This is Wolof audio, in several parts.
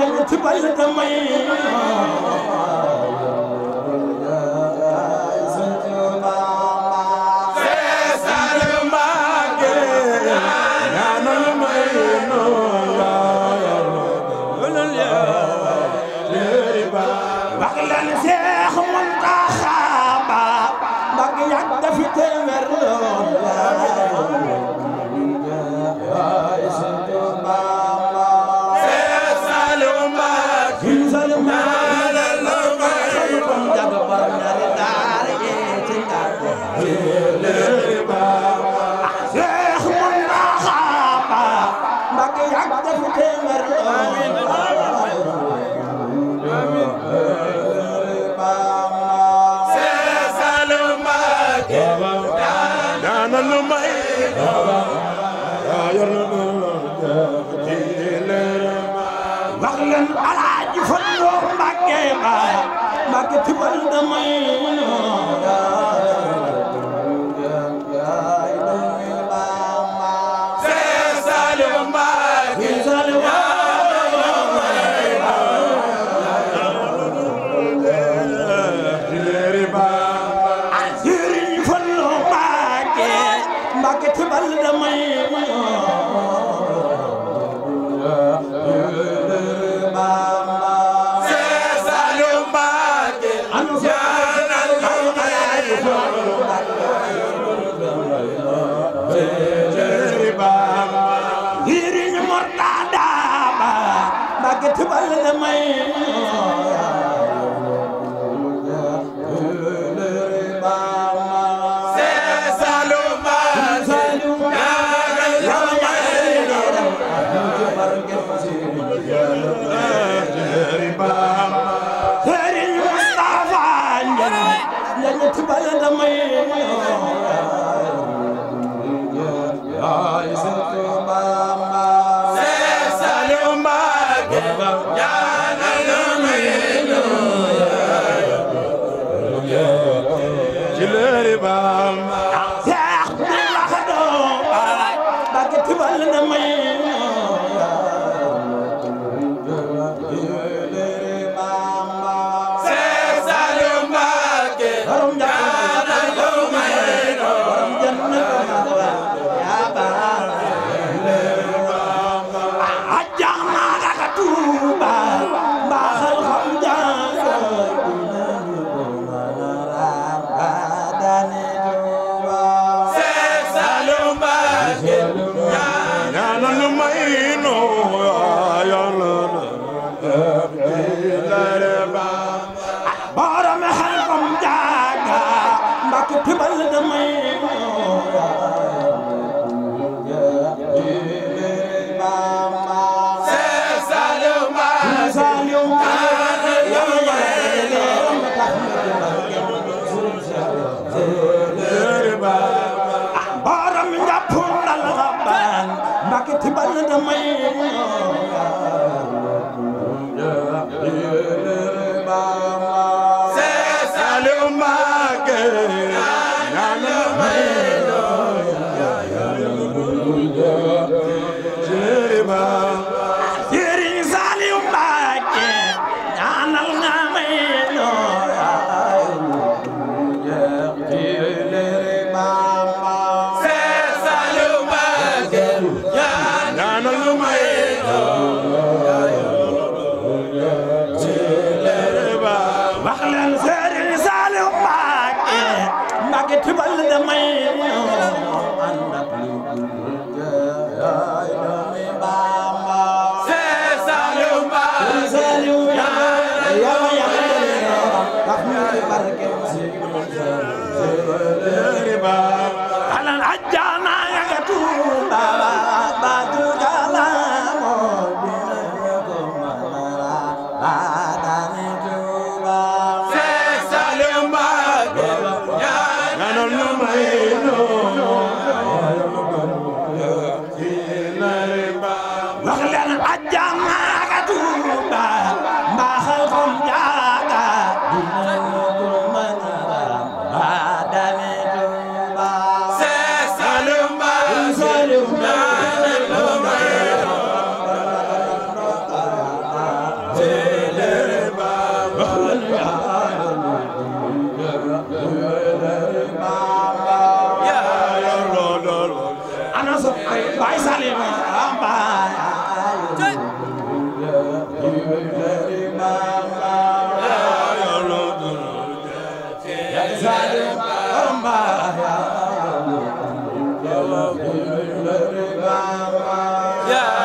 yàlla ci bàyyi damay ndigal alaaji Fallu Mbàkke ba Mbàkke tibal damay tubal damay bal na may ñaanal lu may Sëriñ Saliou Mbacké Mbacké tibal damay wax leen ajjamaagatu ila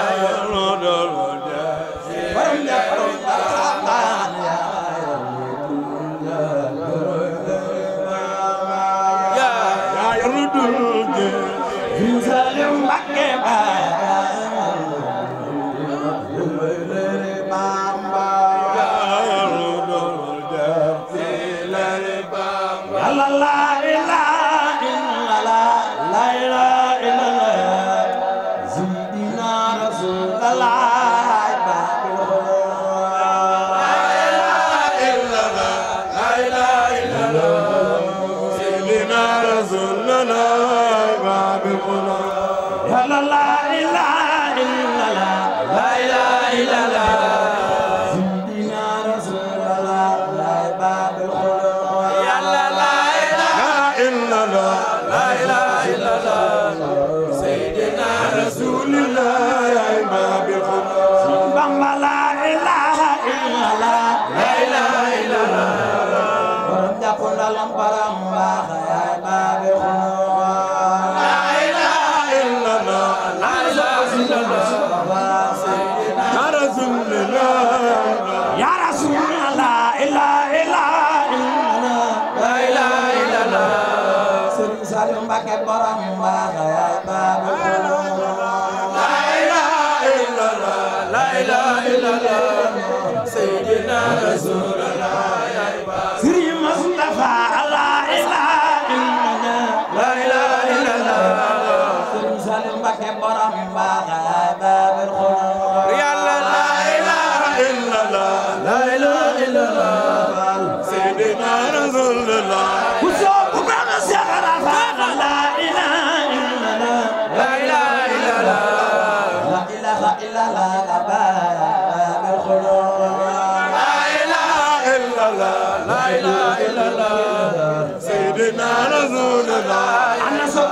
azura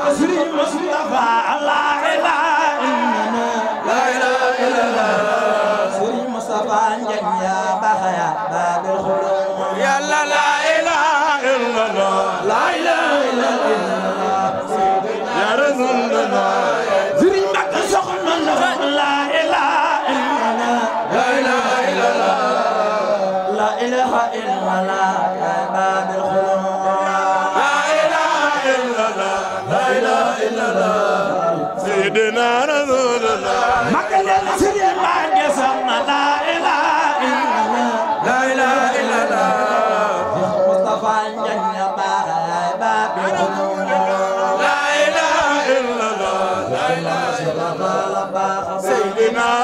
Mustafa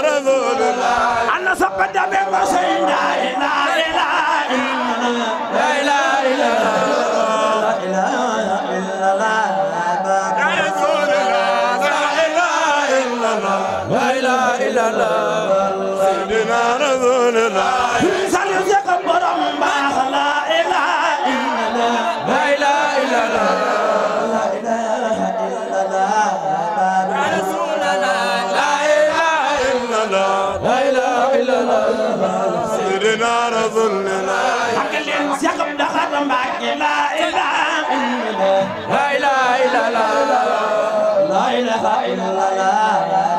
rasulullah ana sa qadame ba sey la ilaha illa allah نار ظلنا حق الانس يقب دخل معك لا اله الا الله لا اله الا الله لا اله الا الله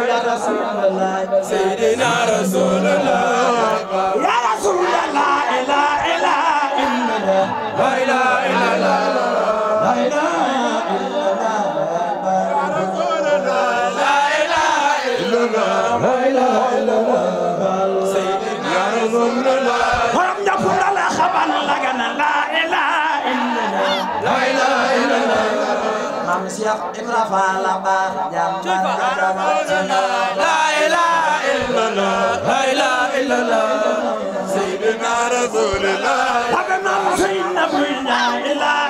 يا رسول الله سيدنا رسول الله يا رسول الله لا اله الا الله لا اله الا الله لا اله لا اله الا الله Cheikh Ibra Fall baax jàmbar rabbana la ilaha illallah la ilaha illallah sayyidina rasulullah hadana sayyidina la ilaha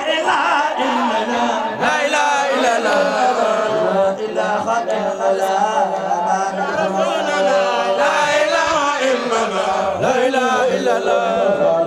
illallah la ilaha illallah la ilaha illallah la ilaha illallah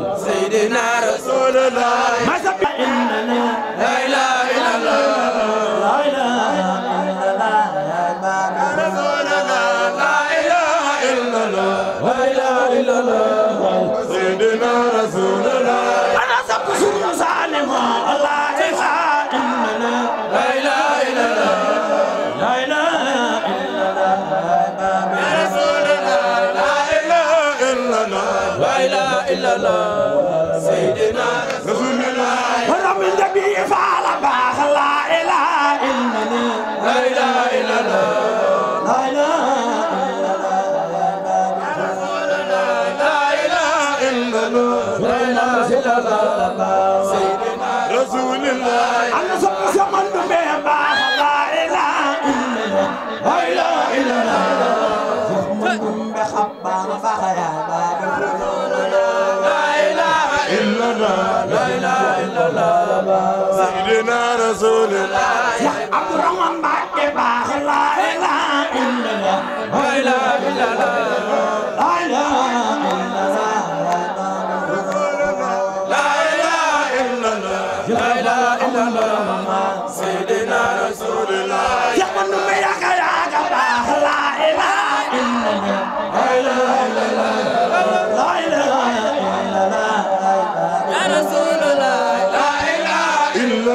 إلا الله سيدنا رسول الله رب النبي فعل باخ لا إله إلا الله لا إله إلا الله لا إله سيدنا رسول الله أنا سمع سمع نبيه باخ لا إله إلا الله لا إله إلا الله زخم بخبار فخيا باب الرسول لا إله إلا الله سيدنا رسول الله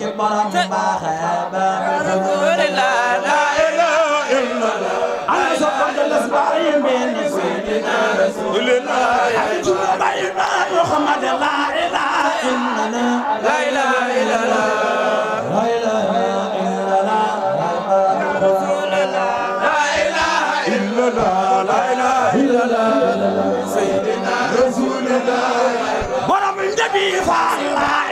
ci borom baaxe ba What am I doing?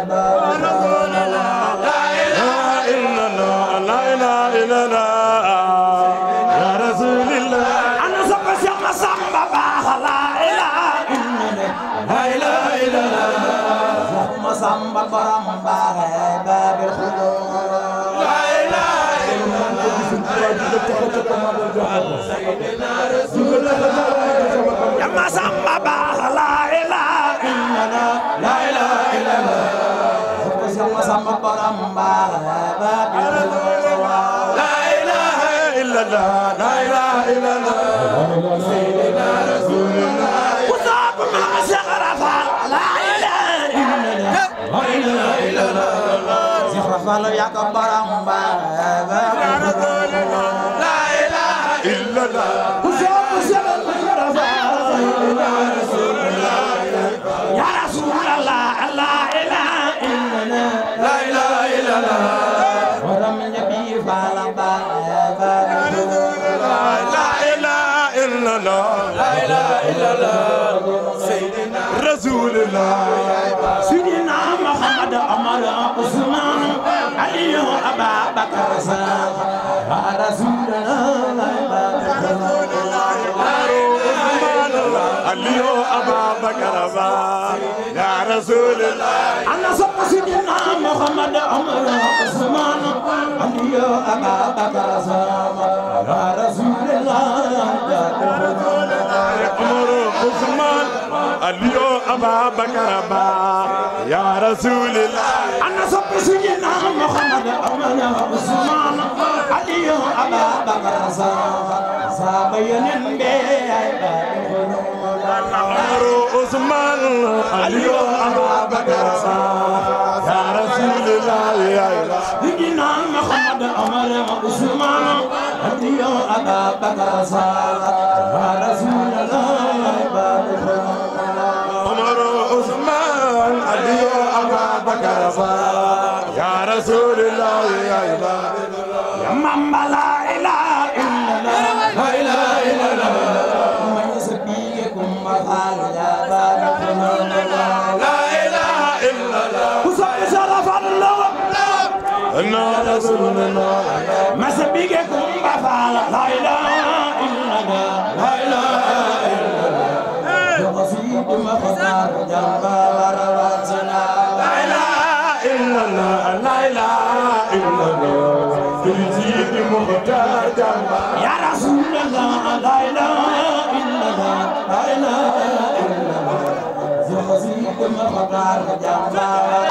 bamba borom baaxe baabil xuluur la ilaha illallah yamma samba baax la ilaha illallah la ilaha illallah yamma samba borom baaxe baabil xuluur la ilaha illallah la ilaha illallah sayyidina rasulullah فالو يا كبرم بابا لا اله الا الله حسين حسين الله رسول الله Ahmad Omar Ousmane Aliou Ababacar Sall Aliou Ababacar Sall ya Rasulullah ana sopp sidina Muhammad Omar Ousmane Aliou Ababacar Sall ya Rasulullah aliyo aba bakara ba ya rasulillah ana soppi sayyidina muhammad amana usman aliyo aba bakara sa sa bayanen be ay ba amru usman aliyo aba bakara sa ya rasulillah ya sayyidina muhammad amana usman aliyo aba bakara sa ya rasulillah رسول الله يا إله يا ماما لا إله إلا الله لا إله إلا الله من سبيكم مثال يا بارك الله لا إله إلا الله حسين شرف الله أن رسول الله ما سبيكم مثال لا إله إلا الله لا إله إلا الله يقصيكم مثال يا بارك الله لا إله إلا الله لا إلا الله تجيب مختار جنبا يا رسول الله لا إله إلا الله لا إله إلا الله زخزيك مختار جنبا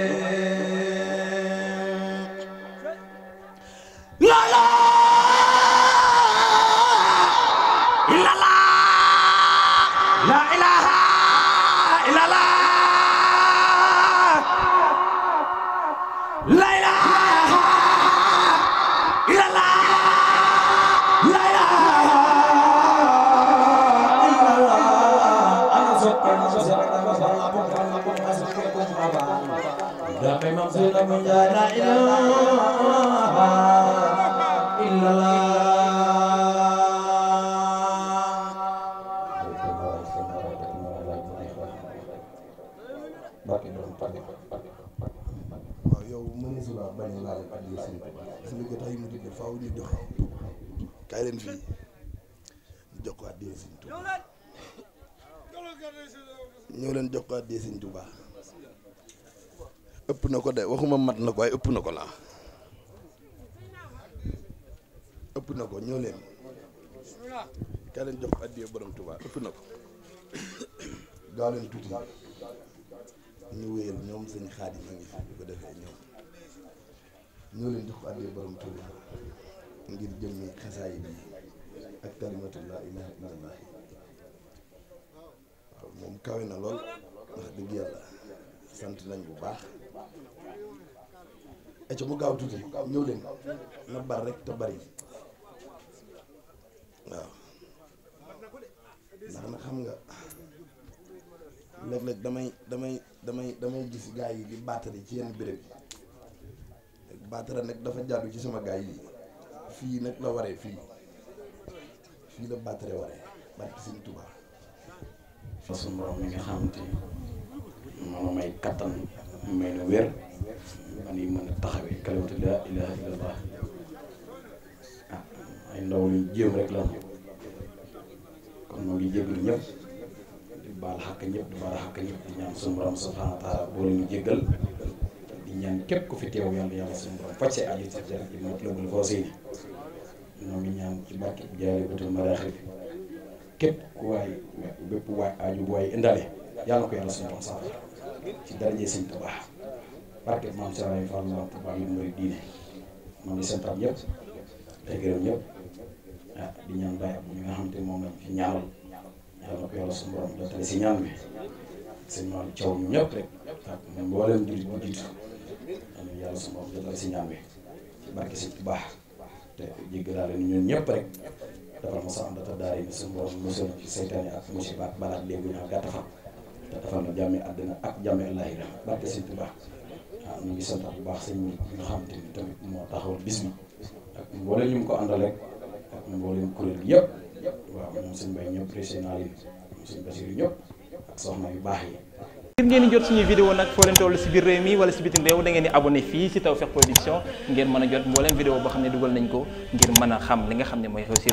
أشهد أن لا إله إلا yow mënees la bañ a laal ak yooyu seen gis nga jotaay mu tudd faaw ñu joxe kaay leen fii ñu jox ko leen jox ko àddee seen ëpp na ko de waxuma mat na ko waaye ëpp na ko laa ëpp na ko ñoo leen kaa leen jox addiya borom Tuubaa ëpp na ko gaa leen tuuti ñu wéyal ñoom sëñ Xaadim a ngi fi bu ko defee ñoom ñoo leen jox ko addiya borom Tuubaa ngir jëmmi xasaay bi ak kalimatu laa ilaaha illallaah waaw moom kawe na lool wax dëgg yàlla sant nañ bu baax ay ci mu gaaw tuuti ñëw leen na bar rek te bari waaw ndax na xam nga léeg-léeg damay damay damay damay gis gaa yi di baatare ci yenn béréb yi baatara nag dafa jàddu ci sama gaa yi fii nag la waree fii fii la baatare waree barki Sëñ Tuubaa fa suñu borom mi nga xamante moo may kattan may nu wér man yi mën a taxawee kalimatu laa ilaaha illallah ah ay ndaw luñ jéem rek la kon moo ngi jéggal ñëpp di baal xàq ñëpp di baal xàq ñëpp di ñaan suñu borom subhaanahu wa taala jéggal di ñaan képp ku fi teew yàlla yàlla suñu borom faj sa aju ci dara ci Matlabul Fawzayni ñoo ngi ñaan ci barke Jaalibatul Maraaxib képp ku waay bépp waay aju bu waay indaale yàlla ko yàlla suñu borom ci daraje sëñ Tuubaa barke maam Sëriñ Fall la Tuubaa mi mooy diine moom di santam ñëpp te gërëm ah di ñaan bàyyi ab nga xam te moom lañ fi ñaanal yàlla na ko yàlla suñu borom jotale si ñaan bi sëñ ñëpp rek ak moom mboolem jullit bu jiitu amiin yàlla suñu borom jotale si bi ci barke sëñ Tuubaa te jéggalaale ni ñun ñëpp rek dafa mos a am data daara yi suñu borom mosal ci seytaane ak musiba ak balaat léegi ñu xam te defal na jàmmi àddina ak jàmmi àllaaxira barke sëñ Tuubaa waaw ñu bu baax sëñ bi nga xam te bis bi ak ñu ko àndal rek kuréel yëpp waaw ñoom sëñ Bay ñëpp président yi ñoom sëñ Basiru ñëpp ak baax yi. ngir ngeen di jot suñu vidéo nag foo leen toll si biir réew mi wala si bitim réew da ngeen di abonné fii si Tawfekh Production ngeen mën a jot mboolem vidéo boo xam ne dugal nañ ko ngir mën a xam li nga ne mooy réussir.